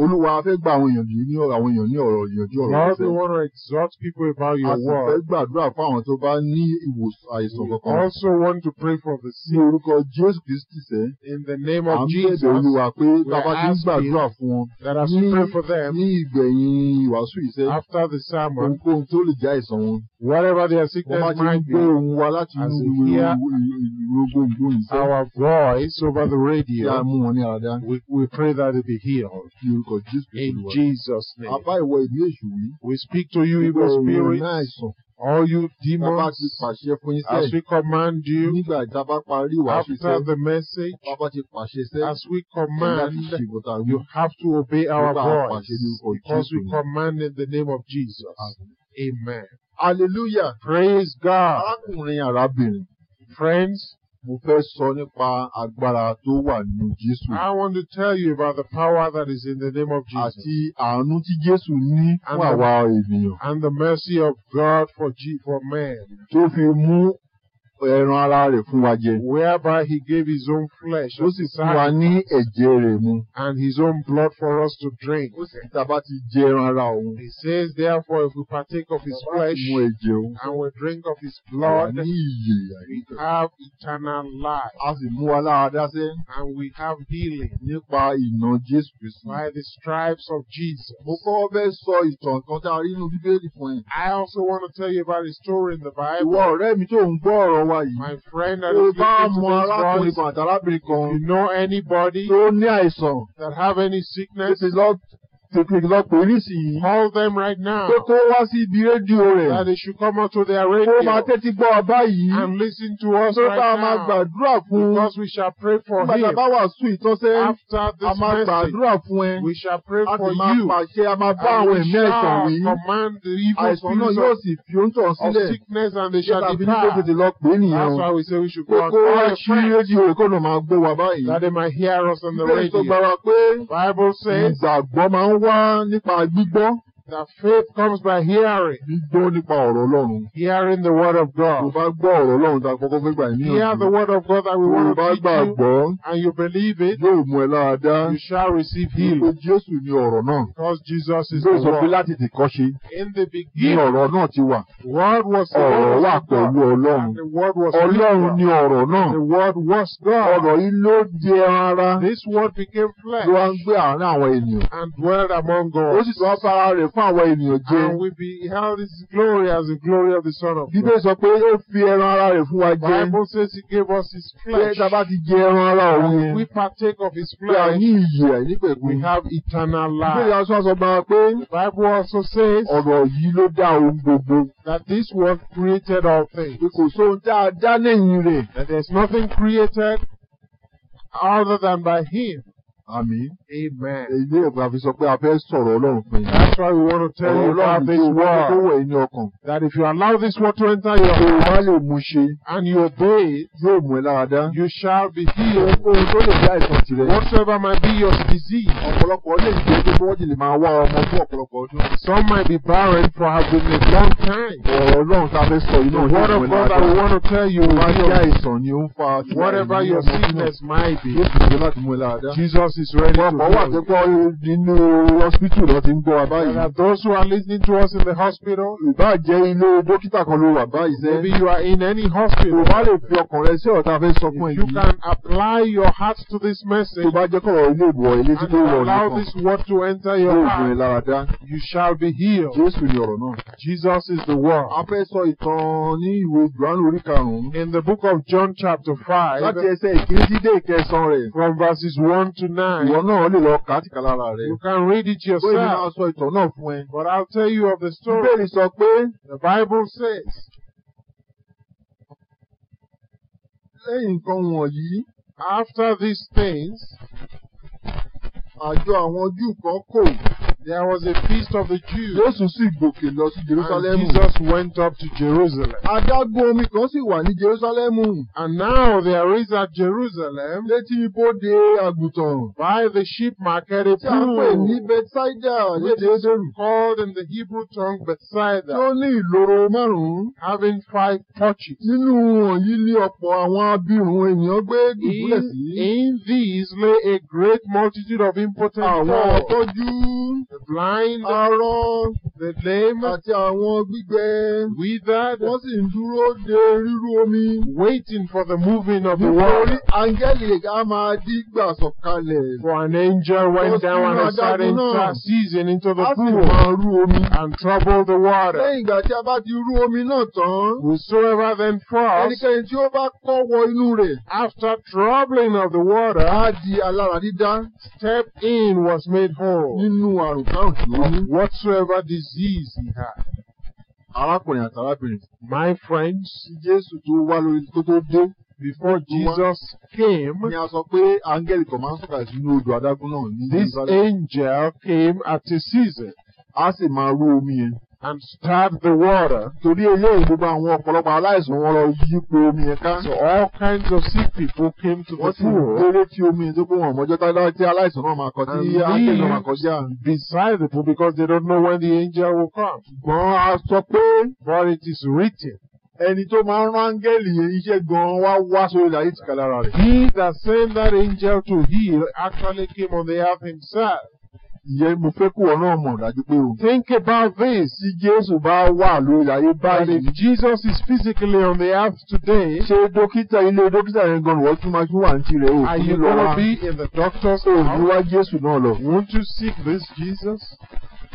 olúwa fẹ́ gba àwọn èèyàn ní àwọn èèyàn ní ọ̀rọ̀ ìyànjú ọ̀rọ̀ ìfẹ́. Lord, we want to exhort people about your word. a sì fẹ́ gbàdúrà fún àwọn tó bá ní ìwòsàn àìsàn kankan. we also want to pray for the sick. ní orúkọ Jésù Kristi sẹ́. in the name of Jesus. à ń olúwa pé bàbá ti ń gbàdúrà fún wọn. that as we pray for them. ní ìgbẹ̀yìn ìwàásù ìṣe. after the sermon. ohunkóhun tó lè jẹ́ àìsàn wọn. Whatever they are sick, might go as they hear our voice over the radio, we, we pray that they be healed in Jesus' name. We speak to you, evil spirits. Oh. All you demons, as we command you after the message, as we command, um, you have to obey our voice because we command in the name of Jesus. Amen. Hallelujah. Praise God. Arákùnrin arábìnrin. Friends. Mo fẹ́ sọ nípa agbára tó wà nínú Jésù. I want to tell you about the power that is in the name of Jesus. Àti àánú tí Jésù ní fún àwa ènìyàn. And the mercy of God for, for men. Tó fi mú ẹran ara rẹ̀ fún wa jẹ. whereby he gave his own flesh. ó sì fún wa ní ẹ̀jẹ̀ rẹ̀ mu. and his own blood for us to drink. ó sì tàbá ti jẹ ẹran ara òun. he says therefore if we partake of his flesh. mu ẹ̀jẹ̀ òun. and we drink of his blood. wà ní ìyè àyíká. we have eternal life. a sì mú wa láradá sẹ́. and we have healing. nípa ìnà Jésù Kristu. by the stripes of Jesus. mo kọ́ bẹ́ẹ̀ sọ ìtàn kan tá a rí nínú Bíbélì fún ẹ. I also want to tell you about a story in the Bible. ìwọ ọ̀rẹ́ mi tó ń gbọ́ ọ̀rọ̀ wa wa yìí. Tó bá mọ arákùnrin kan àti arábìnrin kan. you know anybody. Tó ní àìsàn. That have any sickness. Tètè lọ tètè lọ pè é nísìnyí. call them right now. pé kó wá sí ibi rédíò rẹ̀. that they should come out to their radio. kó máa tẹ́tí gbọ́ ọ báyìí. and listen to us right now. tó bá máa gbàdúrà fún. because we shall pray for him. nígbà tá a wà sùn ìtọ́sẹ́. after this message. a máa gbàdúrà fún ẹ. we shall pray for you. a ti máa pàṣẹ a máa bá àwọn ẹ̀mí ẹ̀sán wí. and we shall command the evil spirits. àìsàn of sickness and they shall depart. that's why we say we should go out. kókó wá sí that they might hear us on the radio. Bible says. ìgbàgbọ́ máa ń wá nípa gbígbọ́ That faith comes by hearing. Gbígbọ́ nípa ọ̀rọ̀ Ọlọ́run. Hearing the word of God. Tó bá gbọ́ ọ̀rọ̀ Ọlọ́run tá a kọ́kọ́ fẹ́ gbà ní ọ̀dùn. Hear the word of God that we want to teach you. Tó bá gbàgbọ́. And you believe it. Yóò mú ẹ láradá. You shall receive healing. Nípa Jésù ni ọ̀rọ̀ náà. Because Jesus is the Lord. Ló sọ pé láti ti kọ́ ṣe. In the beginning. Ni ọ̀rọ̀ náà ti wà. Word was the Ọ̀rọ̀ wà pẹ̀lú Ọlọ́run. God. Ọlọ́run ni ọ̀rọ̀ náà. The word was God. Ọ̀rọ̀ yìí ló di ara. This word became flesh. Ló wá ń gbé àárín àwọn ènìyàn. And dwelled among us. Ó sì sọ sára rẹ̀ fún fún àwọn ènìyàn jẹ. And we beheld his glory as the glory of the Son of God. Bíbélì sọ pé ó fi ẹran ara rẹ̀ fún wa jẹ. Bible says he gave us his flesh. Pé tá ti jẹ ẹran ara òun yẹn. We partake of his flesh. Pé a ní ìyè àìnípẹ̀kun. We have eternal life. Bíbélì aṣọ àṣọ bá pé. The Bible also says. Ọ̀rọ̀ yìí ló dá ohun gbogbo. That this was created all things. Pé kò sóhun tá a dá lẹ́yìn rẹ̀. That there is nothing created other than by him. Àmín. Amen. Ilé ẹ̀gbọ́n àfi sọ pé a fẹ́ sọ̀rọ̀ Ọlọ́run fún That's why we want to tell you about this word. Ọlọ́run tó wẹ̀ ní ọkàn. That if you allow this word to enter your heart. Yorùbá lè mú ṣe. And you obey Yóò mú ẹ láradá. You shall be healed. Ohun tó lè jẹ́ àìsàn tirẹ̀. Whatever might be your disease. Ọ̀pọ̀lọpọ̀ lè jẹ́ pé wọ́n ti lè máa wá ọmọ fún ọ̀pọ̀lọpọ̀ ọdún. Some might be barren for having a long time. Ọ̀rọ̀ Ọlọ́run tá a fẹ́ sọ yìí náà yóò mú ẹ láradá. The word of God that we want to tell you. Whatever your sickness might be. Jesus is ready well, to go. wà pípọ̀ nínú hospital lọ ti ń gbọ́ wa báyìí. and those who are listening to us in the hospital. ìbá jẹ́ ilé dókítà kan ló wà báyìí sẹ́. maybe you are in any hospital. o bá lè fi ọkàn rẹ sí ọ̀tá fẹ́ sọ fún èyí. you can apply your heart to this message. tó bá jẹ́ kọ̀rọ̀ ilé ìbò ilé tí tó wọ̀ nìkan. and allow this word to enter your heart. yóò gbìn láradá. you shall be healed. Jésù ni ọ̀rọ̀ náà. Jesus is the word. a fẹ́ sọ ìtàn ní ìwé Jòhánù orí karùn-ún. in the book of John chapter five. láti ẹsẹ̀ ìkíní sí ìkẹsàn rẹ̀. from verses one to nine. Ìwọ náà lè lọ kà á tìkà lára rẹ̀. You can read it yourself. Ó yẹ sọ ìtàn náà fún ẹ. But I'll tell you of the story. Bíbélì sọ pé. The Bible says. Lẹ́yìn nǹkan wọ̀nyí. After these things. Àjọ àwọn Júù kan kò. There was a feast of the Jews. Jésù sì gòkè lọ sí Jerusalem. And Jesus went up to Jerusalem. Adágún omi kan sì wà ní Jerusalem. And now there is at Jerusalem. Létí ibodè àgùntàn. By the sheep market a pool. Tí a pè ní Bethsaida lédè Jésù. Called in the Hebrew tongue Bethsaida. Tó ní ìloro márùn-ún. Having five torches. Nínú wọ̀nyí ni ọ̀pọ̀ àwọn abirùn ènìyàn gbé dùbúlẹ̀ sí. In these lay a great multitude of important. Àwọn ọ̀tọ́jú the blind, are wrong. the lame, àti àwọn gbígbẹ. withered. wọ́n sì ń dúró de rírú omi. waiting for the moving of the water. nítorí áńgẹ́lì a máa dí gbà sọ̀kalẹ̀. for an angel went down on a sudden season into the pool. a sì máa rú omi. and trouble the water. lẹ́yìn ìgbà tí a bá ti rú omi náà tán. whosoever then falls. ẹnikẹ́ni tí ó bá kọ́ wọ inú rẹ̀. after troubling of the water. a di alára dídá. step in was made whole. nínú àrùn without him whatsoever disease he had. arákùnrin àti arábìnrin. my friends. jésù tó wá lórí tó tó dé. before jesus came. ni a sọ pé áńgẹ́lì kan máa ń sọ̀kalẹ̀ sínú odò adágún náà this angel came at a season. a sì máa rú omi yẹn and starve the water. Torí eléyìí gbogbo àwọn ọ̀pọ̀lọpọ̀ aláìsàn wọn lọ yípo omi yẹn So all kinds of sick people came to the pool. Wọ́n sì kéré tí omi yẹn tó kó wọn mọ́jọ́ tí aláìsàn náà máa kọ sí ángel náà máa kọ sí àná. Beside the pool because they don't know when the angel will come. Ṣùgbọ́n a sọ pé but it is written ẹni tó máa ń rán áńgẹ́lì yẹn iṣẹ́ gan-an wá wá sórí ilẹ̀ ayé tìkà lára rẹ̀. He that sent that angel to heal actually came on the earth himself ìyẹn mo fẹ́ kó ọ náà mọ̀ dájú pé o. think about this. tí Jésù bá wà lórí ayé báyìí. and if Jesus is physically on the earth today. ṣé dókítà ilé dókítà yẹn gan-an wọ́n tún máa tún wà ní tirẹ̀ o. are you gonna be in the doctor's house? òòlù wá Jésù náà lọ. won't you seek this Jesus?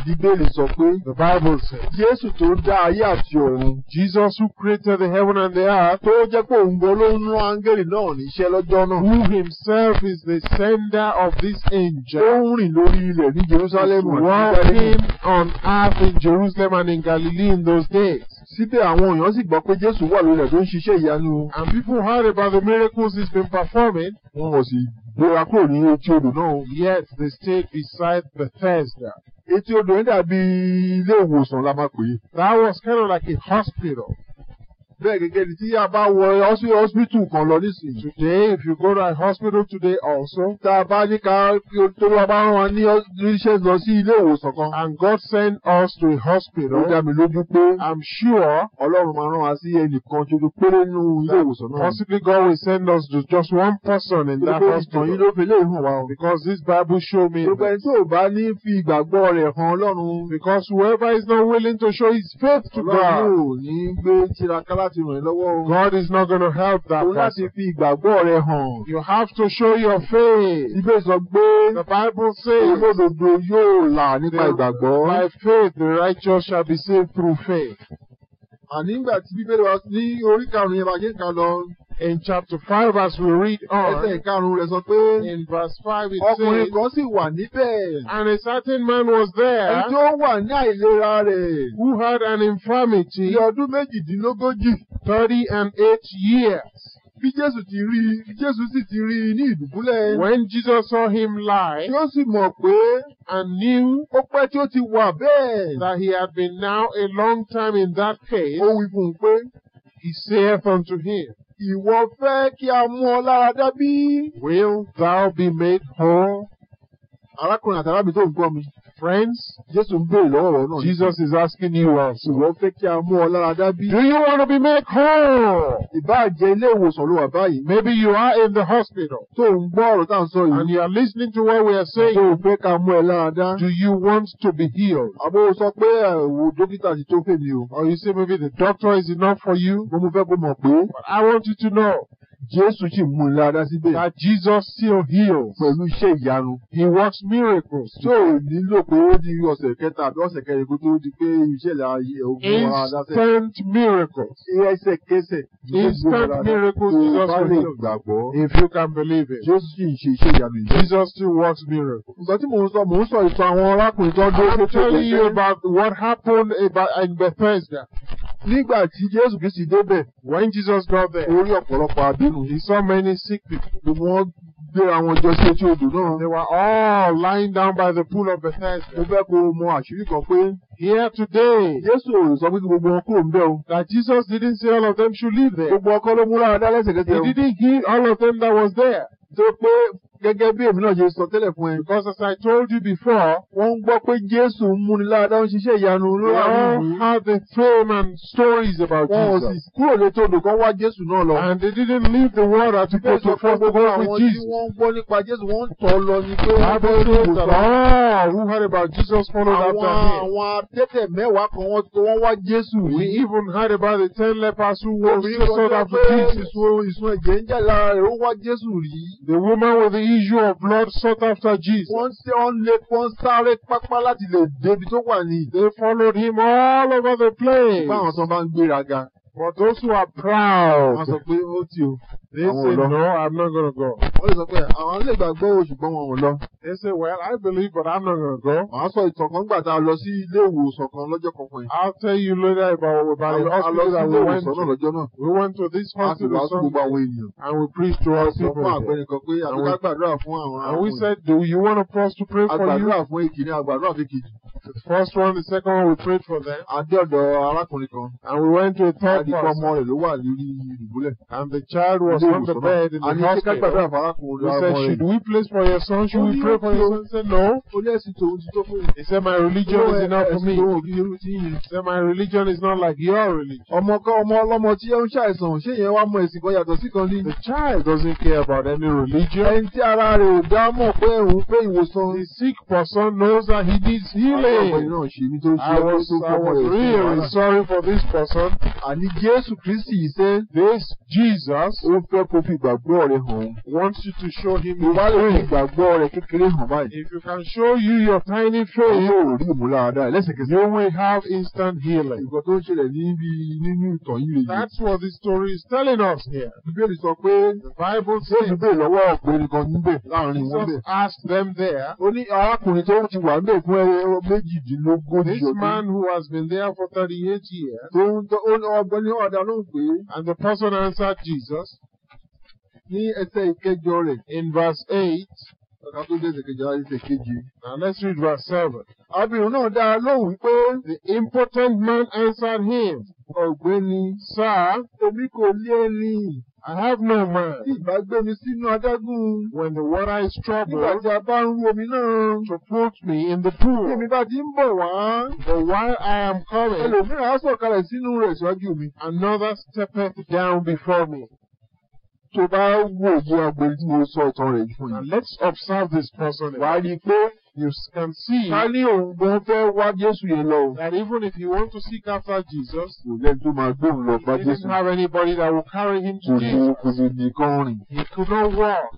Bíbélì sọ pé, The Bible says, Jésù tó dá ayé àti ọ̀run. Jesus who created the heaven and the earth. Tó jẹ́ pé òun gan ló ń rán áńgẹ́lì náà níṣẹ́ lọ́jọ́ náà. Who himself is the sender of this angel. Ó ń rìn lórí ilẹ̀ ní Jerusalem àti Galilee. on earth in Jerusalem and in Galilee in those days. Síbẹ̀ àwọn èèyàn sì gbọ́ pé Jésù wà lórí ẹ̀ tó ń ṣiṣẹ́ ìyanu. And people heard about the miracles he's been performing. Wọ́n wọ̀ sí gbéra kúrò ní etí odò náà. Yet they stayed beside Bethesda etí odò yẹn dàbí ilé ìwòsàn la máa pè é. That was kind of like a hospital bẹ́ẹ̀ gẹ́gẹ́ bí tí a bá wọ hospital kan lọ nísìnyí. today if you go to a hospital today also. tá a bá ní ká tolúwa bá rán wa ní iṣẹ́ lọ sí ilé ìwòsàn kan. and God send us to a hospital. ó dá mi lójú pé I'm sure ọlọ́run máa rán wa sí ẹnìkan jòjò péré nínú ilé ìwòsàn náà. possibly God will send us to just one person in that hospital. ìtàn ló fi lè hàn wá o. because this Bible show me. gbogbo ẹni tí ò bá ní fi ìgbàgbọ́ rẹ̀ hàn ọlọ́run. because whoever is not willing to show his faith to God. ọlọ́run yóò ní gbé tiraka láti ràn lọ́wọ́ God is not going to help that person. O láti fi ìgbàgbọ́ rẹ hàn. You have to show your faith. Ibẹ̀ sọ pé. The Bible says. Olódodo yóò là nípa ìgbàgbọ́. By faith the righteous shall be saved through faith. Àní tí Bíbélì wa ní orí karùn yẹn máa kan lọ in chapter five as we read on. ẹsẹ̀ ìkarùn-ún rẹ̀ sọ pé. in verse five it says. ọkùnrin kan sì wà níbẹ̀. and a certain man was there. ẹni tó wà ní àìlera rẹ̀. who had an infirmity. ní ọdún méjìdínlógójì. thirty and eight years. Bí Jésù ti rí i, Jésù sì ti rí i ní ìdùbúlẹ̀. When Jesus saw him lie. Tí ó sì mọ̀ pé. And knew. Ó pẹ́ tí ó ti wà bẹ́ẹ̀. That he had been now a long time in that case. Ó wí fún un pé. He saith unto him ìwọ fẹ́ kí a mú ọ lára dá bí. Will thou be made whole? Arákùnrin àtàrà mi tó ń gbọ́ mi friends. Jésù ń béèrè lọ́wọ́ náà. Jesus is asking you out. Ṣùgbọ́n fẹ́ kí a mú ọ lára dá Do you want to be made whole? Ìbáà ilé ìwòsàn ló wà báyìí. Maybe you are in the hospital. Tó ń gbọ́ ọ̀rọ̀ tá à ń sọ yìí. And you are listening to what we are saying. Ṣé o ká mú ẹ lára dá? Do you want to be healed? Àbò sọ pé ẹ̀wò dókítà ti tó fèmí o. Or you say maybe the doctor is enough for you. Mo mú fẹ́ kó mọ̀ pé. But I want you to know. Jésù sì mú un lára síbẹ̀. That Jesus still heals. Pẹ̀lú iṣẹ́ ìyanu. He works miracles. Tí ò nílò pé ó di ọ̀sẹ̀ kẹta àbí ọ̀sẹ̀ kẹrin kó tó di pé iṣẹ́ ìlà ogun wa dáṣẹ́. Instant miracles. Ẹsẹ̀kẹsẹ̀. Instant miracles Jesus will heal. Gbàgbọ́. If you can believe it. Jésù sì ń ṣe iṣẹ́ ìyanu yìí. Jesus still works miracles. Ìgbà tí mò ń sọ mò ń sọ ìtàn àwọn arákùnrin tó ń dúró. I'm telling you about what happened in Bethesda nígbà tí jésù kristi débẹ̀ when jesus got there orí ọ̀pọ̀lọpọ̀ àbínú he saw many sick people gbogbo wọn gbéra wọn jọ sí etí odò náà they were all lying down by the pool of Bethesda mo fẹ́ kó o mọ àṣírí kan pé here today jésù ò sọ pé kí gbogbo wọn kúrò níbẹ̀ o that Jesus didn't say all of them should leave there gbogbo ọkọ ló múra ọdá lẹ́sẹ̀kẹsẹ̀ o he didn't heal all of them that was there So. pé gẹ́gẹ́ bí èmi náà ṣe sọ tẹ́lẹ̀ fún ẹ. because as I told you before, wọ́n gbọ́ pé Jésù ń múni láàdá ń ṣiṣẹ́ ìyanu lórí àwọn all have a fame and stories about Jesus. Wọn ò sì kúrò létò odò kan wá Jésù náà lọ. And they didn't leave the world at the cost of God with Jesus. àwọn tí wọ́n gbọ́ nípa Jésù, wọ́n ń tọ́ lọ ni pé wọ́n bọ́ ní ìwòsàn. who heard about Jesus followed after him. Àwọn adẹ́tẹ̀ mẹ́wàá kan wọ́n tó wọ́n wá Jésù. We even heard about the ten lepers who were sought after Jesus. The woman with the issue of blood sought after Jesus. Wọ́n ṣe wọ́n lé wọ́n sáré pápá láti lè débi tó wà ní. They followed him all over the place. Báwọn sọ bá ń gbéraga. But those who are proud. Wọ́n sọ pé ó ti o. They say, no, I'm not going to go. What is sọ pé àwọn lè gbàgbọ́ o ṣùgbọ́n wọn ò lọ. They say, well, I believe but I'm not going to go. Màá sọ ìtàn kan about tá a lọ sí ilé ìwòsàn kan lọ́jọ́ kan fún I'll tell you later about the hospital that we went to. We went to this hospital. A sì And we preached to our people. And we said, do you want us to pray for you? The first one, the second one, we prayed for them. And we went to a third one. And the child was on the bed in the hospital. He said, should we pray for your son? Should we pray for your son? He said, no. He said, my religion is eh, enough for eh, me. He said, my religion is not like your religion. The child doesn't care about any religion. The sick person knows that he needs healing. I was, I was really sorry for this person. And Jésù Christ. He ṣe. This Jesus fẹ́ kó fi ìgbàgbọ́ rẹ hàn. wants you to show him your faith. ìwádìí ìgbàgbọ́ rẹ kékeré hàn báyìí. if you can show you your tiny faith. yóò rí ìmúláradá lẹ́sẹ̀kẹsẹ̀. you will have instant healing. ìgbà tó ń ṣẹlẹ̀ níbi nínú ìtàn yìí rèé. that's what the story is telling us here. ìbéèrè sọ pé. the Bible says. Jésù béèrè lọ́wọ́ ọ̀pẹ̀rẹ̀ kan níbẹ̀ láàrin wọn bẹ̀. Jesus asked them there. ó ní arákùnrin tó ti wà níbẹ̀ fún ẹ̀rọ méjìdínlógójì this man who has been there for thirty eight years. tó ń tọ́ ó ní ọ̀dà ló ń pè é. and the person answered Jesus ní ẹsẹ̀ ìkẹjọ rẹ̀ in verse eight ọ̀ka tó dé ìṣèkejì láti ìṣèkejì na let's read verse seven. abirùn náà dá a lóhùn wípé the important man answered him ọ̀gbẹ́ni sáà omi kò lé ẹni. I have no man. Tí ìbá gbé mi sínú adágún. When the water is troubled. Nígbà tí a bá ń rú omi náà. To put me in the pool. Tí èmi bá ti ń bọ̀ wá. But while I am coming. Ẹlòmíràn á sọ̀kalẹ̀ sínú rẹ̀ síwájú mi. Another steppeth down before me tó bá wò ó agbojú ó sọ ọ̀tọ̀ rẹ̀ fún yìí. let's observe this person. wà á rí i pé you can see. ká ní òun gan fẹ́ wá Jésù yẹn lọ. that even if he want to seek after Jesus. kò lẹ́nu tó máa gbóhùn lọ bá Jésù. he didn't have anybody that would carry him to Jesus. kò sí kò sí nìkan rìn. he could not walk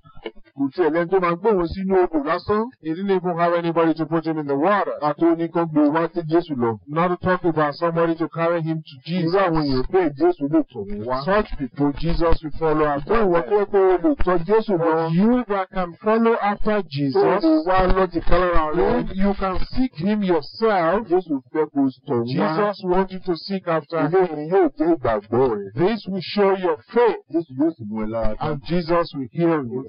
kò tí tó máa gbé sínú odò lásán. He didn't even have anybody to put him in the water. Àti oníkan gbé wá sí Jésù lọ. not to talk about somebody to carry him to Jesus. Irú àwọn èèyàn pé Jésù lè tọ̀ wá. Such people Jesus will follow after. Bẹ́ẹ̀ wọ́n pé pé o lè tọ̀ Jésù lọ. You that can follow after Jesus. O lè wá lọ ti kálára rẹ̀. You can seek him yourself. Jésù fẹ́ kó tọ̀ wá. Jesus want you to seek after Ilé ìrìn yóò dé ìgbàgbọ́ rẹ̀. This will show your faith. Jésù yóò sì mú ẹ lára. And Jesus will heal you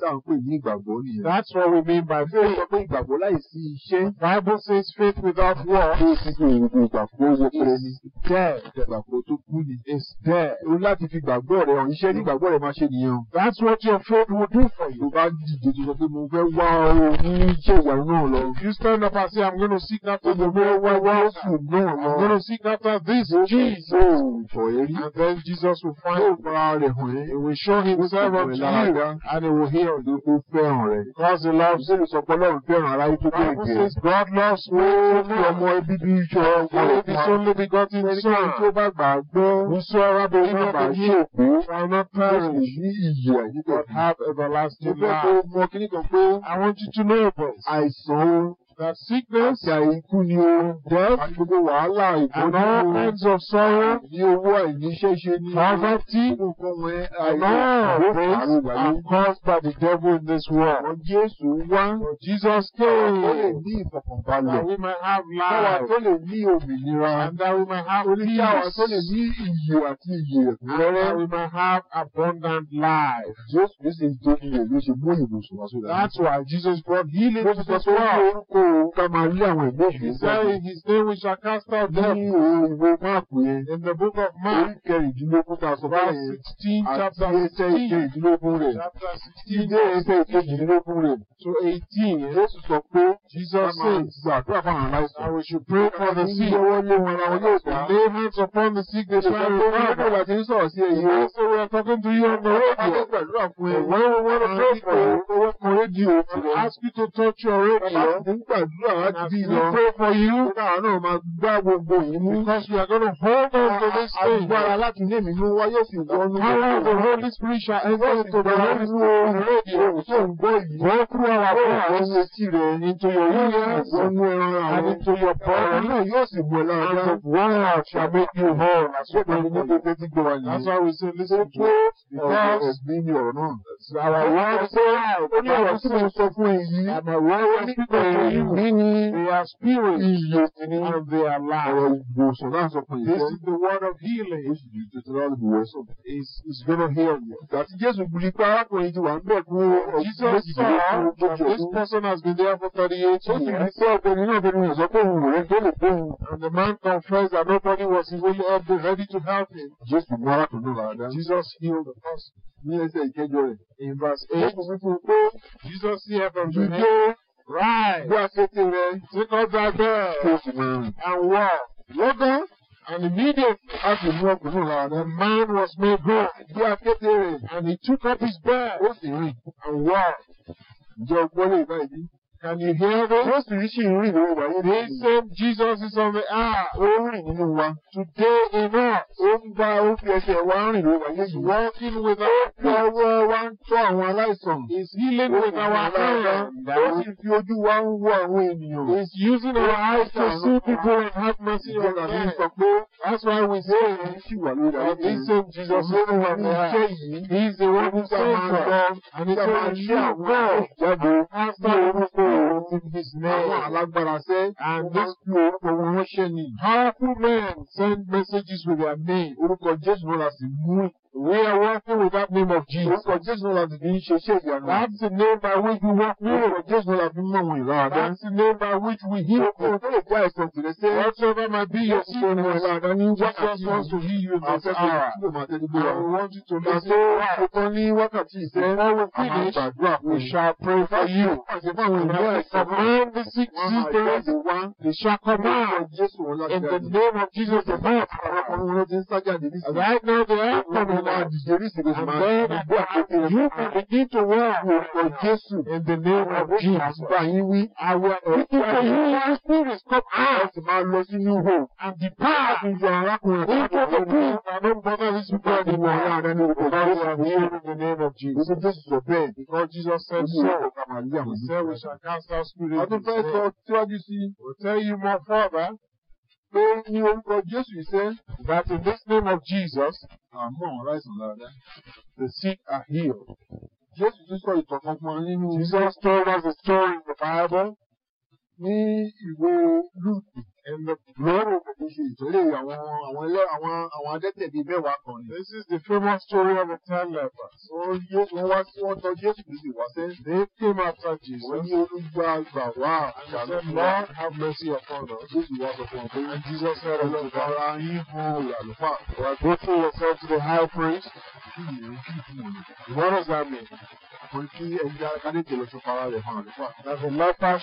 ìgbàgbọ́ nìyẹn. That's what we mean by faith. Ó sọ pé ìgbàgbọ́ láìsí iṣẹ́. Bible says faith without work. Bí sísè ìgbàgbọ́ wo pẹ̀lú ni. Bẹ́ẹ̀ ìgbàgbọ́ tó kú ni. It's there. O láti fi gbàgbọ́ rẹ̀ hàn iṣẹ́ ní gbàgbọ́ rẹ̀ máa ṣe nìyẹn. That's what your faith will do for you. Tó bá dìde tó sọ pé mo fẹ́ wá o ní iṣẹ́ ìwà náà lọ. You stand up and say I'm gonna seek after the real world. wá oṣù náà lọ. I'm gonna seek after this Jesus. Ìfọ̀ ẹ̀rí. And then Jesus will find. Yóò fara rẹ̀ hàn ẹ́. He will show himself unto you and he will heal you fẹ́ràn rẹ̀. That's the love sí ìsọpọ̀ Ọlọ́run fẹ́ràn aráyé tó dé ìgbé. Bible God loves me tó fi ọmọ ẹbí bí jọ ọgbọ́n rẹ̀ pa. Tó lóbi gan ti ń sàn. Tó bá gbà á gbọ́. Mo sọ arábìnrin náà bá yí òkú. Fanatal rẹ̀ ní ìyè àyíkọ́. Have everlasting life. Mo fẹ́ kó mọ kíní kan pé. Àwọn tuntun náà bọ̀. Àìsàn o that sickness àti ikú ni o oh, death àti gbogbo wàhálà ìgbóná and of sorrow ní owó àìníṣẹ́ṣe ní poverty gbogbo all are caused by the devil in this world. wọ́n Jésù wá Jesus came. ó lè ní ìfọ̀kànbalẹ̀. that we may have life. káwa tó lè ní òmìnira. and that we may have peace. oníṣàwọ̀ tó lè ní iyì àti iyì ẹ̀kúnrẹ́rẹ́. and that we may have abundant life. Jésù Kristi tó ní ìyẹn ṣe mú ìbùsùn wá sódà. that's why Jesus brought healing to this world ká máa rí àwọn ìgbé ìgbésẹ̀. He said in his name we shall death. Ní ìwé Máàkù yẹn. In the book of Mark. Orí kẹrìndínlógún ta sọ báyìí. Verse sixteen chapter sixteen. Àti ẹsẹ̀ ìkejìdínlógún rẹ̀. Chapter sixteen. Ilé ẹsẹ̀ ìkejìdínlógún rẹ̀. To eighteen. Jésù sọ pé. Jesus said. Gbàdúrà fún àwọn aláìsàn. And we should pray for the sick. Ìyẹ̀wò lé wọn ara yóò dá. Lay hands upon the sick. They shall be well. Ìgbà tó ń sọ̀rọ̀ sí èyí. Ìwé sọ we are talking to you on the radio. Adé gbàdúrà fún ẹ. Wọ́n wọ́n wọ́n pray for you. Ask you to touch your radio gbàdúrà láti bí lọ. We pray for you. Káà náà máa gbá gbogbo yìí mú. Because we are gonna hold on to this faith. Agbára láti ní èmi ló wá yóò fi wọnú. Power of the Holy Spirit shall enter into the world nínú ohun rédíò ohun tó ń gbọ́ yìí. Wọ́n kúrò àwọn fún àwọn etí rẹ̀ nítorí owó yẹn wọnú ẹran àwọn. Nítorí ọ̀pọ̀ ọ̀rọ̀ náà yóò sì mú ẹ lára. Out of one heart shall make you whole. Àṣọ̀bọ̀ ni ní gbogbo ti gbọ́ wa yìí. That's why we say listen to because ẹ̀gbin ni ọ̀rọ̀ náà. Àwọn àwọn ọ̀rọ̀ sọ́ra ò ní ọ̀rọ̀ sí mo sọ fún èyí. Àmọ̀ wọ́n wọ́n ní meaning their spirit and they are life. This is the word of healing. is it's going to heal you. Jesus saw this person has been there for 38 years. And the man confessed that nobody was even ready to help him. Jesus healed the person. In verse 8, Jesus said from Judea. Right. Gbé aṣetì rẹ. Take off that bell. Kó o mẹ́rin. And walk. Lọ́gán. And immediately, as he walked around, the man was made whole. Gbé aṣetì rẹ. And he took up his bed. Ó sì rìn. And walked. Ǹjẹ́ o gbọ́ lè Can you hear me? Wọ́n sì ṣì ń rìn nínú wa. The same Jesus is on the earth. Ó ń rìn nínú Today in us. Ó ń bá ó fi ẹsẹ̀ wa rìn nínú wa. walking with us. Ó fi ọwọ́ wa ń tọ́ àwọn healing with our hands. Ó sì fi ojú wa ń wo àwọn ènìyàn. He using our eyes to see people and have mercy on them. Ìjọba That's why we say èyí ṣì wà same Jesus is on the earth. He's the one who sent us. And he's he said, "You go." Jáde. After orúkọ in his name. And this How powerful men send messages with their name. We are working with that name of Jesus. That's the name by which we work miracles. That's the name by which we heal people. Whatsoever might be your sin in sickness, Jesus wants to heal you in this hour. I want you to listen. When I will finish, we shall pray for you. And I command the sick sisters, they shall come out in the name of Jesus the Lord. Right now they are coming máa dìde nísìnyí ah! máa gbọ́ àkókò yóò you begin to wear orúkọ Jesus, in the name of Jesus báyìí wí. Àwọn òkúta yìí wá sí rìsọ́p àti máa lọ sí new home. And the power of the arákùnrin àti ọ̀gá ọ̀gá ọ̀gá Lord ọ̀gá ọ̀gá ọ̀gá ọ̀gá ọ̀gá ọ̀gá ọ̀gá ọ̀gá ní orúkọ Jésù àti in the name of Jesus. Gbogbo Jésù sọ bẹ́ẹ̀. Because Jesus said so. He said we shall cast out spirits. I Ọdún fẹ́ sọ you see? We'll tell you more further. Ó ní orúkọ just we say that in this name of Jesus, àmọ́ àwọn and dáadáa, the sick are healed. Just tún sọ ìtàn kan fún wa nínú. Jesus told us a story in the Bible. ní ìwé lùkù lọ́rọ̀ kò ìtọ́lé àwọn àwọn ilé àwọn àwọn adẹ́tẹ̀ mẹ́wàá kan ni. this is the famous story of a ten leper. So yé wọ́n wá sí wọ́n tọ́ Jésù Kristi wá sẹ́yìn. they came after Jesus. wọ́n ní olúgbà gbà wá and he said Lord have mercy upon us. Jésù wá sọ fún ọgbẹ́. and Jesus said unto them. ara yín hàn àlùfáà. you are grateful yourself to the high priest. kí ni èyí kì í fún wọn. what does that mean? fún kí ẹja kádẹ́tì lọ sí para rẹ̀ fún àlùfáà. That the leper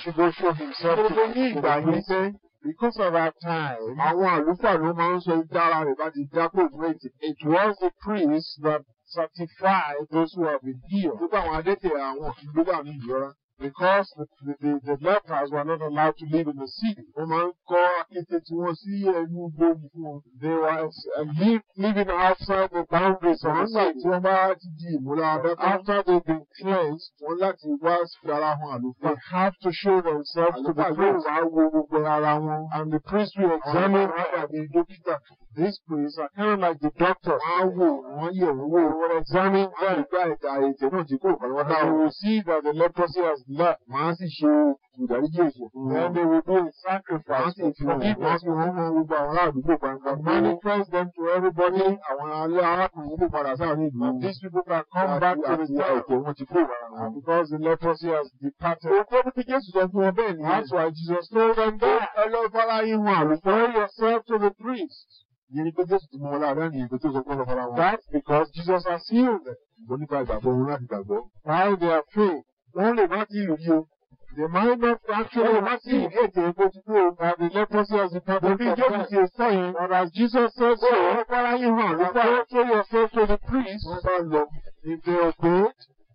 himself to ní ìgbà yẹn pé because of our time. Àwọn àlùfáà ló máa ń sọ ìdára rẹ̀ bá ti dápò fún It was the priest that certified those who have been healed. Gbogbo àwọn adẹ́tẹ̀ àwọn òkè gbogbo àmì ìyọra because the, the, the lepers were not allowed to live in the city. Wọ́n máa ń kọ́ akéde tí wọ́n sí ẹnu gbòòrò fún wọn. They were uh, live, living outside the boundaries of the city. tí wọ́n bá ti di ìmúláradá tán. After they been cleansed. Wọ́n láti wá fi ara hàn àlùfáà. They have to show themselves to the priest. Àlùfáà yóò wá wo gbogbo ara wọn. And the priest will examine do dókítà. These priests are kind of like the doctors. Wọ́n á wò wọ́n yẹ̀ wọ́n wò wọ́n examine. very á rí gbá ìta ètè náà tí kò kọ́ wọ́n dá. They will see that the leprosy has máa máa sì ṣe ìdáríjì ẹ̀ṣẹ̀. Mm. wọ́n lè wo bí sacrifice máa sì fi máa sì wọ́n máa gbogbo àwọn àdúgbò pàápàá. manifest them to everybody. àwọn alẹ́ arákùnrin ló padà sáà ní ìlú. Mm. these people can come back to the town. ẹ̀jẹ̀ wọn ti kó wàrà. because the leprosy has departed. o tó bí Jésù sọ fún wọn bẹ́ẹ̀ ni. that's why Jesus told them that. ẹ lọ fara yín wọn refer yourself to the priest. Yìí pé Jésù ti mú wọn láàárín ìyẹn tó sọ pé wọ́n fara wọn. That's because Jesus has healed them. Mo ìgbàgbọ́ wọn láti gbàgbọ́. How they are free wọ́n lè má ti rí o. The mind of actually what you get to go to do and the leprosy as the problem of God is saying and as Jesus said so, ọ̀pọ̀lá yìí hàn ló bá show yourself to the priest. Wọ́n bá lọ ìfẹ́ ọ̀pẹ́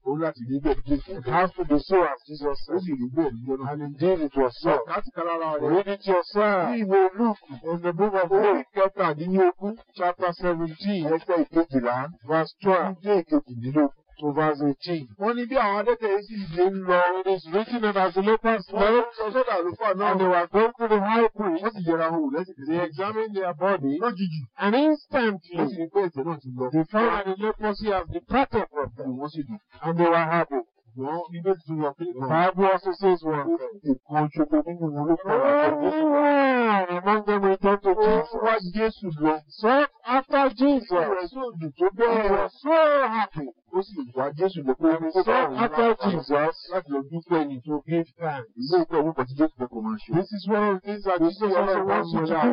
òun láti rí bẹ́ẹ̀ jésù. It has to be so as Jesus said. Ó sì rí bẹ́ẹ̀ nílẹ̀ náà. And indeed it was so. Láti kára ara rẹ̀. Read it yourself. Ní ìwé Luke. On the book of Luke. Orí kẹtàdínlógún. Chapter seventeen. Ẹsẹ̀ ìkejìlá. Verse twelve. Ní ìdí ìkejìdínlógún to verse 18. Wọ́n ní bí àwọn adẹ́tẹ̀ yìí sì ṣe ń lọ. It is written in as the lepers fell. Wọ́n sọ sọ́dọ̀ àlùfáà náà. And they were going through the high priest. Wọ́n sì yẹra ohun lẹ́sìn. They examined their body. Lójijì. And instantly. Wọ́n sì rí pé ẹ̀jẹ̀ náà ti lọ. They found that the leprosy has departed from them. Wọ́n sì dùn. And they were happy. Ṣùgbọ́n ibẹ̀ ti wà pé. The Bible also says one. Ìkan ṣoṣo nínú wọn ló fara pẹ̀lú. Among them return to Jesus. Wá Jésù lọ. So after Jesus. Ìrẹsì òdù tó bẹ́ẹ̀. He was so happy ó sì wá Jésù lọ pé ó sọ after Jesus láti lọ dúpẹ́ ẹni tó give time ìlú ìpẹ́ owó kan Jésù fẹ́ máa ṣe. This is one of the things that Jesus also wants you to do.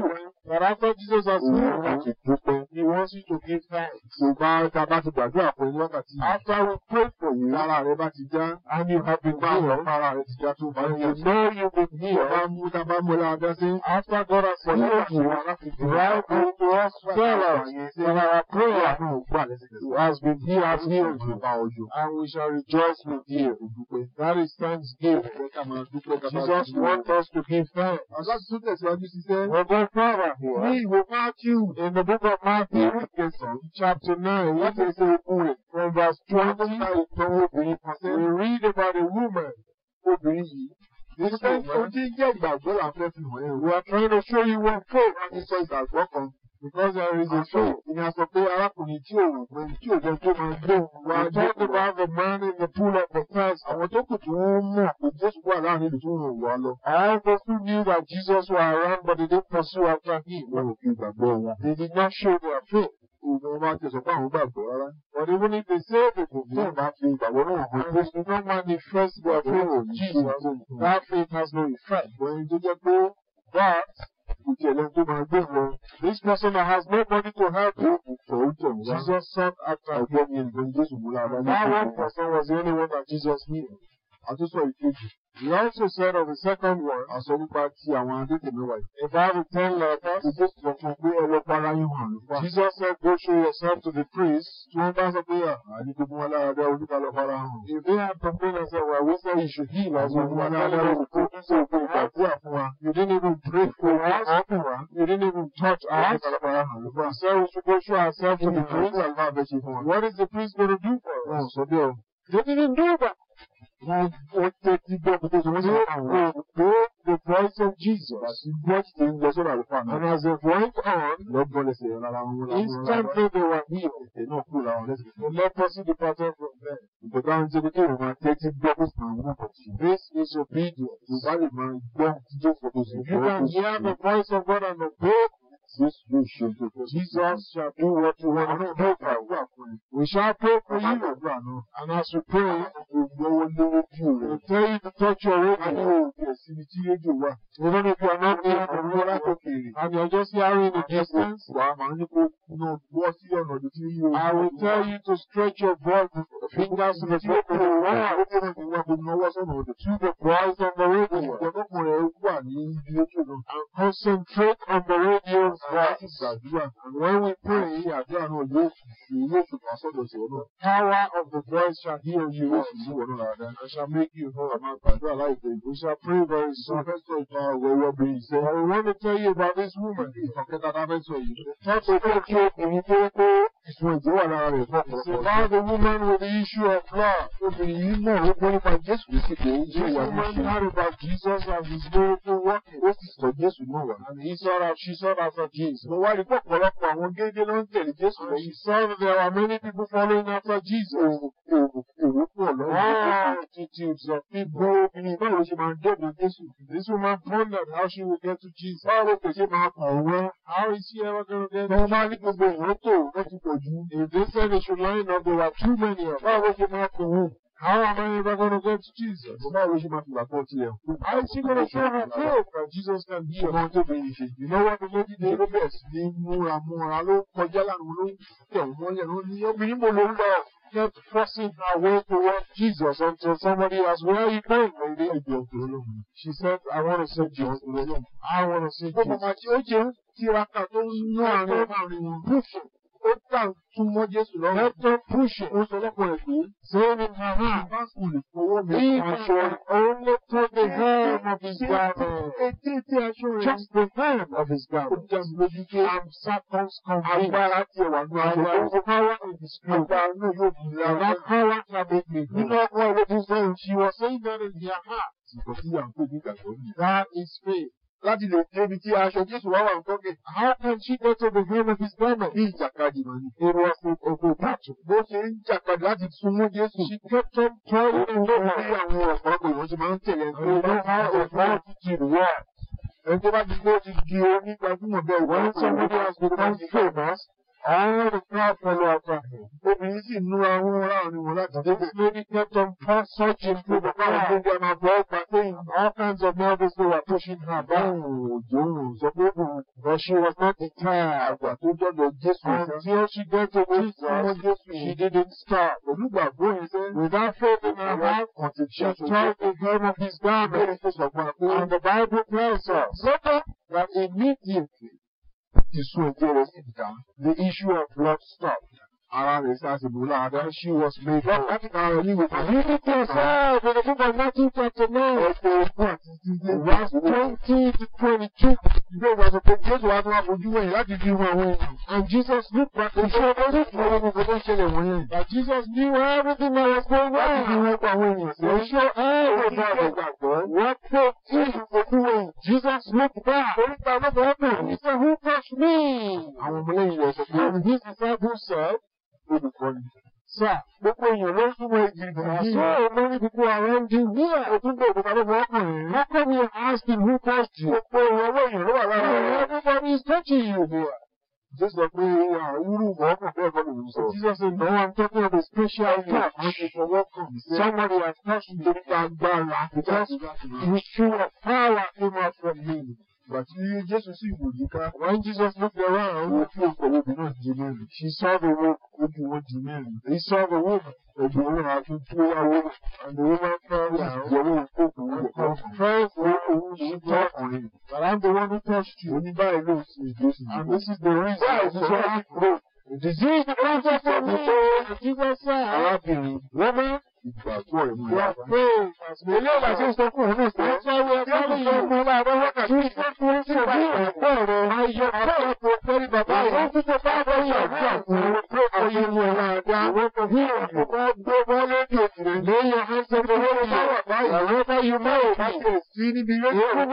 But after Jesus has done láti dúpẹ́ he wants you to give time. Ṣùgbọ́n tá a bá ti gbàdúrà pé wákàtí. After we pray for you. Lára rẹ bá ti já. And you have been healed. Lára rẹ ti já tó bá yẹ. You know you been healed. Bá mú tá a bá mú lára sí. After God has healed you. Right into us. Tell us. Lára prayer. Who has been healed praise without you, and we shall rejoice with you. That is thanksgiving. Jesus wants us to give thanks. We'll go further without you in the book of Matthew, chapter 9, what is it doing? From verse 20, we read about a woman. This is what you get We are trying to show you one quote. This is that welcome because there is a show in Asope Arákùnrin tí òwò pẹ̀lú tí òjò tó máa gbé òun wá. We talk about the man in the pool of Bethesda. Àwọn tó kù tí to mú kò Jésù wà láàrin ìlú tó ràn wá lọ. Àwọn knew that Jesus was around but they didn't pursue after him. They did not show their faith. Oògùn ọba ti sọ pé àwọn gbàgbọ́ rárá. But even if they say they could be, they don't ìgbàgbọ́ náà hàn. And they do not manifest their faith in Jesus. That faith has no effect. Wọ́n ń jẹ́ pé that púpọ̀ lọ tó máa gbé lọ. This person that has nobody to help him. Jesus sat after him. Ọgbọ́n mi ìgbọ́n Jésù That one person was the only one that Jesus knew àtúnṣe ìkejì. He also said of the second one, àsọ nípa ti àwọn adétẹ̀mẹ́wà yìí. If I return ten lepers, ìdí sọ fún pé ẹ lọ para yín hàn Jesus said, go show yourself to the priest. Tí wọ́n bá sọ pé à, àdìgbò mú aláàdá olúbalọ̀ fara hàn. If they had complained and said, well, we say you should heal as well. Mú aláàdá olùkó ń sọ pé ìgbàdúrà fún wa. You didn't even pray for us. Ọkùn wa. You didn't even touch us. Olúbalọ̀ fara hàn lópa. So we should go show ourselves to the priest. What is the priest going to do for us? They didn't do that with what they obey the voice of Jesus. And as they went on, instantly they were healed. The leprosy departed from them. This is obedience. You can hear the voice of God and obey this you because do. Jesus shall do what you want to do We shall pray for you. And as we pray, we will you. tell you to touch your radio. Even if you are not in the rural country, and you are just hearing the distance, I will tell you to stretch your voice, fingers to the top of the to the prize on the radio. And concentrate on the radio láti gbàdúrà. When we pray, àdúrà náà yóò fi ṣe yóò fi wá sọ́dọ̀ sí ọ̀nà. Power of the voice shall heal you. Yóò fi yí wọ̀nà rárá. I shall make you know about gbàdúrà láìpẹ́. We shall pray very soon. Fẹ́sọ̀ ìta ọ̀wọ́wọ́ bí i ṣe. I want to tell you about this woman. Ìtàn kẹta náà fẹ́sọ̀ yìí. Wọ́n ti kó kí obìnrin tó kó About the woman with the issue of blood. Obìnrin yìí náà ó gbọ́ nípa Jésù Kristi heard about Jesus and his miracle working. Ó sì sọ Jésù And he saw that she saw that for Jesus. Mo why? rí pé ọ̀pọ̀lọpọ̀ àwọn géńdé ló tell? Jesus. Jésù She saw that there were many people following after Jesus. Òwò òwò pọ̀ lọ́wọ́. Multitudes of people. Gbogbo obìnrin báwo ló ṣe máa ń This woman pondered how she would get to Jesus. How is she ever gonna get to Jesus? Mo máa ní gbogbo ìrántó. Wọ́n If pọ̀jù. Ìgbésẹ̀ is relying on there are too many of them. How am I ever going to get to Jesus? Báwo ṣe máa fìlà pọ̀ tiẹ̀? How is he going to show her that Jesus can be your man to be ife? Ìlọ́wọ́ ni lójú dé ló bẹ̀ sí ní múra múra ló kọjá lánàá ló tẹ̀ wọ́n lẹ̀ ló ní obìnrin mo ló ń lọ. Kept forcing her way towards Jesus until somebody asked, Where are you going? She said, I want to see Jesus. I want to see Jesus. Bọ́mọ̀ màá ti ó jẹun tiraka tó ń mú àwọn ọmọ àwọn ènìyàn ó tà ń súnmọ́ Jésù lọ́wọ́. Let them push it. Ó sọ lọ́pọ̀ rẹ̀ pé. Saying in her heart. Báṣu lè fọwọ́ mi aṣọ rẹ̀. Only to the hem of his garment. Etí etí aṣọ rẹ̀. Just the hem of his garment. Ó jẹ́ lójú pé. I'm circumcised. Agbára ti ẹ̀wà ní aṣọ. Agbára power in the spirit. Agbára náà yóò fi ra. That power can make me. Nínú ọgbọ́n ẹ̀rọ tó sẹ́yìn. She was saying that in her heart. Ìkọ̀síyà ń pè ní ìgbàgbọ́ mi. That is faith láti lè débi tí aṣọ Jésù wá wà ń tọ́kẹ̀. How can she get to the him of his garment? Bí ìjàkadì lọ ni. Èrò ọ̀sìn ọ̀gbọ̀n bàtù. Bó ṣe ń jàkadì láti sún mú Jésù. She kept on trying to know bí àwọn ọ̀sán kò wọ́n ṣe máa ń tẹ̀lé. Èrò ọ̀sán attitude wà. Ẹni tó bá ti gbé ti di onígbàgbọ́n bẹ́ẹ̀ wọ́n sọ wọ́n bí wọ́n ń fèèmọ́ àwọn olùkọ́ ọpọlọ ọ̀tọ̀ obìnrin sì nú àwọn ọ̀rá òní wọn láti dé bẹ́ẹ̀. lórí kẹtọ fún sọ́ọ̀tì ní bàbá wọn tó gbé ọmọ bọ́ ọgbà sẹ́yìn all kinds of nervous wey were pushing her down. òjòun sọ pé òun kò ṣe was not the kind àgbà tó dọ́dọ̀ jésù. àti ó ṣì dẹ́ tó wọ́n sọ ọmọ jésù. she didn't stop. olùgbàgbọ́ yìí sẹ́. without faith in her heart. she tried to help of his garment. and the bible tells us. that immediately. is so jealous the issue of love stopped. ara rẹ̀ ṣàṣìbò láàdá she was made up láti ara yìí wò pàdé. àbí fífi ọ̀sẹ̀ ọ̀gbẹ̀rẹ̀ fún bàbá nineteen twenty nine. ọ̀pọ̀ ogún àti títí wá twenty to twenty two. ìgbé ìgbà sọ pé Jésù wá tó wá fojú wẹ̀yìn láti fi wọn àwọn èèyàn. and Jesus looked back and saw every flower of the ṣẹlẹ̀ wọ̀nyẹn. but Jesus knew everything that was going on. láti fi wọn pa àwọn èèyàn. wọ́n ṣọ́ ẹ̀ẹ́dì gbàgbọ́. wọ́n pé kí ìfojú wẹ̀yìn. Jesus looked back. oríta said who touched me? àwọn ọmọlẹ́yìn rẹ̀ sọ pé. and his disciples said olùkọ́ni. Sà gbogbo èèyàn ló súnmọ́ ìjìnlẹ̀ yìí. Mm-hmm. Ṣé o mọ ní gbogbo àwọn ẹnjìníà? O tún bẹ̀rù bàbá bọ̀ ọkùnrin. Lọ́kọ́ mi ask him who caused you. Gbogbo èèyàn ló èèyàn ló wà lára rẹ̀. Everybody is touching you. Jésù sọ pé irú ìwọ́kàn bẹ́ẹ̀ kọ́ lòun sọ. Jesus said, no, I'm talking about special touch. Somebody has touched me. Nítorí agbára. Because you feel a power came out from me. But you just receive what you can. When Jesus looked around, what you for would not deliver. She saw the work of the one demanding. They saw the work of the woman I can pull a woman, and the woman fell down. The woman spoke the woman. Confess the woman she taught on him. But I'm the one who touched you. Anybody knows is blessing you. And this is the reason. Why is this why I broke? Disease that comes up from me. Jesus said, Arábìnrin, woman ìgbàgbọ́ ẹ̀mí rẹ̀. Ilé ìgbà tí ó sọ fún òun sọ, yóò tún sọ fún wa àwọn wákàtí tó tún sí ìgbà ìgbàgbọ́ rẹ̀. Ayọ̀ àbọ̀ kò pẹ́rí bàbá rẹ̀. Ó tún sọ fún àwọn ìyàwó àtúnwò pé òye ni ọ̀la àdá. Àwọn kò ní ìrànwọ́ bá gbé wọ́n lójú òkèrè. Lẹ́yìn àṣẹ tó wọ́n mọ̀ àwọn bá yí mọ́ òun. Báṣọ sí níbi lójú ọmọ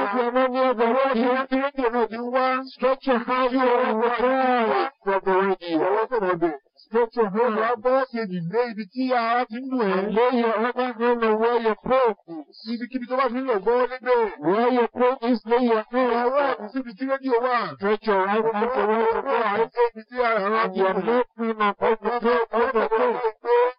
ní ọgbà wọ́n ṣe wọ́n ti rédíò náà ti wá. Structure house ọ̀rọ̀ ọ̀rọ̀ ọ̀rọ̀ ọ̀rọ̀ ọ̀rọ̀ ọ̀rọ̀ Gbogbo ìgbòho ọgbọ́ ṣe dìde ibi tí ara ti ń dùn ẹ́. Lẹ́yìn ọgbọ́n fi ń lọ wọ́ọ̀yẹ kóòkù. Ibikíbi tó bá fi ń lọ gbọ́ níbẹ̀. Wọ́ọ̀yẹ kóòkù lẹ́yìn kóòkù. Àwọn àti síbi tí Is wà. Jọjọ àwọn ọmọ ìfowópamọ́ àti ibi tí ara ti ń dùn. Ìyàwó pinnu ọgbọ́n tó ọgbọ́n tó.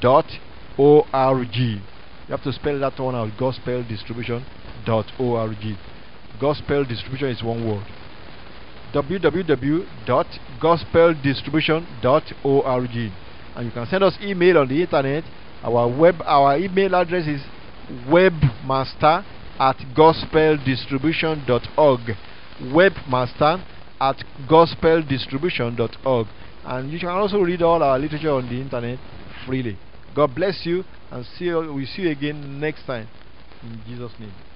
dot org. You have to spell that one out. Gospel distribution dot org. Gospel distribution is one word. www.gospeldistribution.org and you can send us email on the internet. Our web our email address is webmaster at gospeldistribution.org. Webmaster at gospeldistribution.org. And you can also read all our literature on the internet freely. God bless you and see you, we see you again next time in Jesus name.